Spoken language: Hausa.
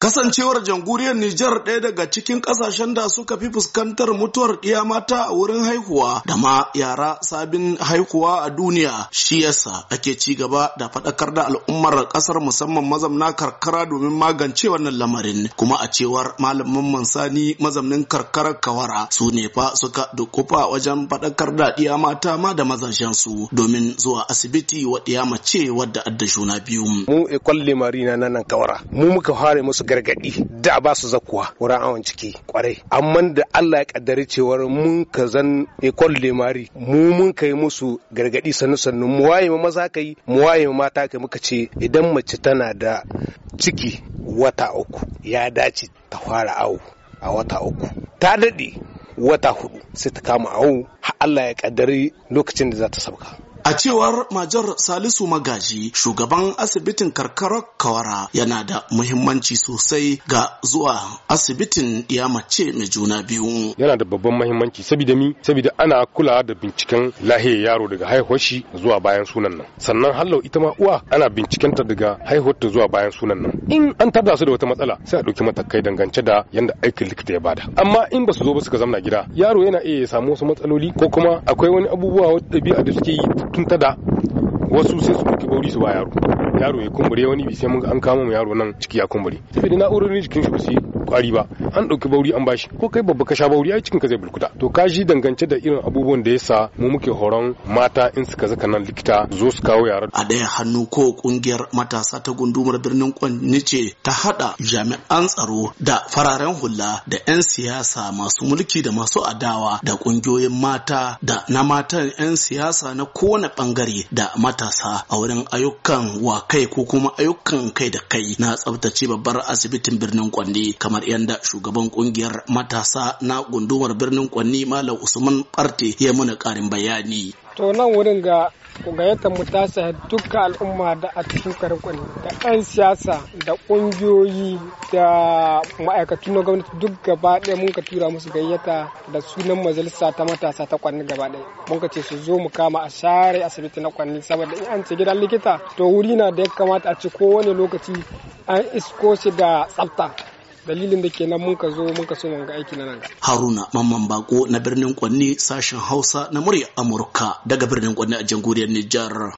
Kasancewar jamhuriyar Nijar ɗaya daga cikin ƙasashen da suka fi fuskantar mutuwar ɗiya mata a wurin haihuwa da ma yara sabin haihuwa a duniya shi yasa ake ci gaba da faɗakar da al'ummar ƙasar musamman mazamna karkara domin magance wannan lamarin kuma a cewar malamin mansani mazamnin karkarar kawara su ne fa suka dukufa wajen faɗakar da ɗiya mata ma da mazajen su domin zuwa asibiti wa ɗiya mace wadda adda juna biyu. Mu ikwalle limari nan kawara mu muka fara musu gargadi da ba su zakuwa wurin awon ciki kwarai amma da Allah ya kaddari cewar mun ka zan ikon lemari mu mun kai musu gargadi sannu sannu mu waye maza kai mu waye mata kai muka ce idan mace tana da ciki wata uku ya dace ta fara awo a wata uku ta daɗe wata hudu sai ta kama awo Allah ya kaddari lokacin da za ta sauka A cewar Majar Salisu Magaji, shugaban asibitin karkarar Kawara yana da muhimmanci sosai ga zuwa asibitin ya mace mai juna biyu. Yana da babban muhimmanci saboda mi saboda ana kula da binciken lahiyar yaro daga haihuwar shi zuwa bayan sunan nan. Sannan hallau ita ma uwa ana binciken ta daga haihuwar ta zuwa bayan sunan nan. In an tada su da wata matsala sai a ɗauki matakai dangance da yadda aikin likita ya bada. Amma in ba su zo ba suka zamna gida yaro yana iya samu wasu matsaloli ko kuma akwai wani abubuwa wadda da suke yi tun da wasu sai su ɗauki bauri su ba yaro yaro ya kumbure wani bi sai mun an kama mu yaro nan ciki ya kumbure da na'urorin jikin shi ba su kwari ba an ɗauki bauri an bashi ko kai babba ka sha bauri ai cikin ka zai bulkuta to ka ji dangance da irin abubuwan da yasa mu muke horon mata in suka zaka nan likita zo su kawo yara a ɗaya hannu ko kungiyar matasa ta gundumar birnin kwanni ce ta hada jami'an tsaro da fararen hula da 'yan siyasa masu mulki da masu adawa da kungiyoyin mata da na matan 'yan siyasa na kowane bangare da matasa a wurin ayyukan wa kai ko kuma ayyukan kai da kai na tsabtace babbar asibitin birnin kwanne kamar Ahmad Yanda shugaban kungiyar matasa na gundumar birnin Kwanni Malam Usman Barte ya mana karin bayani. To nan wurin ga gayyatar mu ta sahi duka al'umma da a cikin karkon da 'yan siyasa da ƙungiyoyi da ma'aikatu na gwamnati duk gaba ɗaya mun ka tura musu gayyata da sunan majalisa ta matasa ta kwanni gaba ɗaya mun ka ce su zo mu kama a share asibiti na kwanni saboda in an ce gidan likita to wuri na da ya kamata a ci kowane lokaci an isko shi da tsafta dalilin da kenan mun ka zo mun ka so mun ga aiki na nan haruna mamman bako na birnin kwanni sashen hausa na murya amurka daga birnin kwanni a jamhuriyar nijar